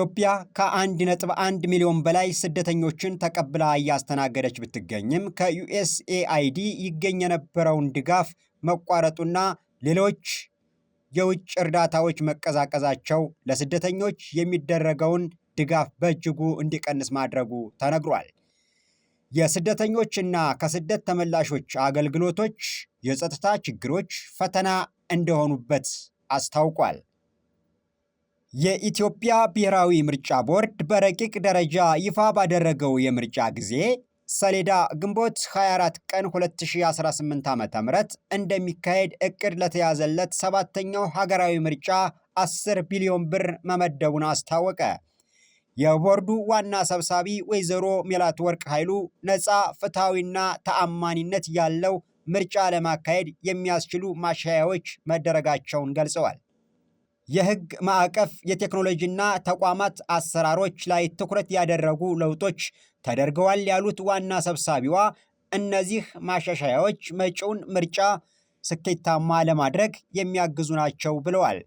ኢትዮጵያ ከ1.1 ሚሊዮን በላይ ስደተኞችን ተቀብላ እያስተናገደች ብትገኝም ከዩኤስኤአይዲ ይገኝ የነበረውን ድጋፍ መቋረጡና ሌሎች የውጭ እርዳታዎች መቀዛቀዛቸው ለስደተኞች የሚደረገውን ድጋፍ በእጅጉ እንዲቀንስ ማድረጉ ተነግሯል። የስደተኞችና ከስደት ተመላሾች አገልግሎቶች የጸጥታ ችግሮች ፈተና እንደሆኑበት አስታውቋል። የኢትዮጵያ ብሔራዊ ምርጫ ቦርድ በረቂቅ ደረጃ ይፋ ባደረገው የምርጫ ጊዜ ሰሌዳ ግንቦት 24 ቀን 2018 ዓ.ም እንደሚካሄድ እቅድ ለተያዘለት ሰባተኛው ሀገራዊ ምርጫ 10 ቢሊዮን ብር መመደቡን አስታወቀ። የቦርዱ ዋና ሰብሳቢ ወይዘሮ ሜላት ወርቅ ኃይሉ ነፃ ፍትሐዊና ተአማኒነት ያለው ምርጫ ለማካሄድ የሚያስችሉ ማሻያዎች መደረጋቸውን ገልጸዋል። የህግ ማዕቀፍ፣ የቴክኖሎጂና ተቋማት አሰራሮች ላይ ትኩረት ያደረጉ ለውጦች ተደርገዋል ያሉት ዋና ሰብሳቢዋ እነዚህ ማሻሻያዎች መጪውን ምርጫ ስኬታማ ለማድረግ የሚያግዙ ናቸው ብለዋል።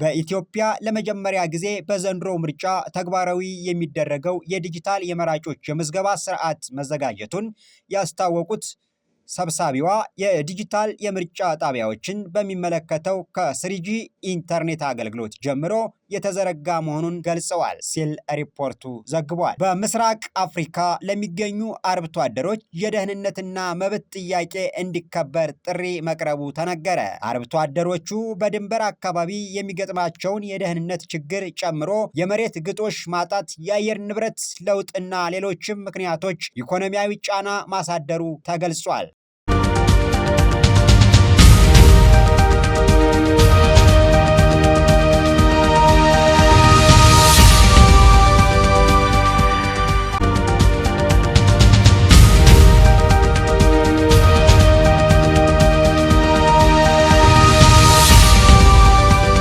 በኢትዮጵያ ለመጀመሪያ ጊዜ በዘንድሮ ምርጫ ተግባራዊ የሚደረገው የዲጂታል የመራጮች የምዝገባ ስርዓት መዘጋጀቱን ያስታወቁት ሰብሳቢዋ የዲጂታል የምርጫ ጣቢያዎችን በሚመለከተው ከስሪጂ ኢንተርኔት አገልግሎት ጀምሮ የተዘረጋ መሆኑን ገልጸዋል ሲል ሪፖርቱ ዘግቧል። በምስራቅ አፍሪካ ለሚገኙ አርብቶ አደሮች የደህንነትና መብት ጥያቄ እንዲከበር ጥሪ መቅረቡ ተነገረ። አርብቶ አደሮቹ በድንበር አካባቢ የሚገጥማቸውን የደህንነት ችግር ጨምሮ የመሬት ግጦሽ ማጣት፣ የአየር ንብረት ለውጥና ሌሎችም ምክንያቶች ኢኮኖሚያዊ ጫና ማሳደሩ ተገልጿል።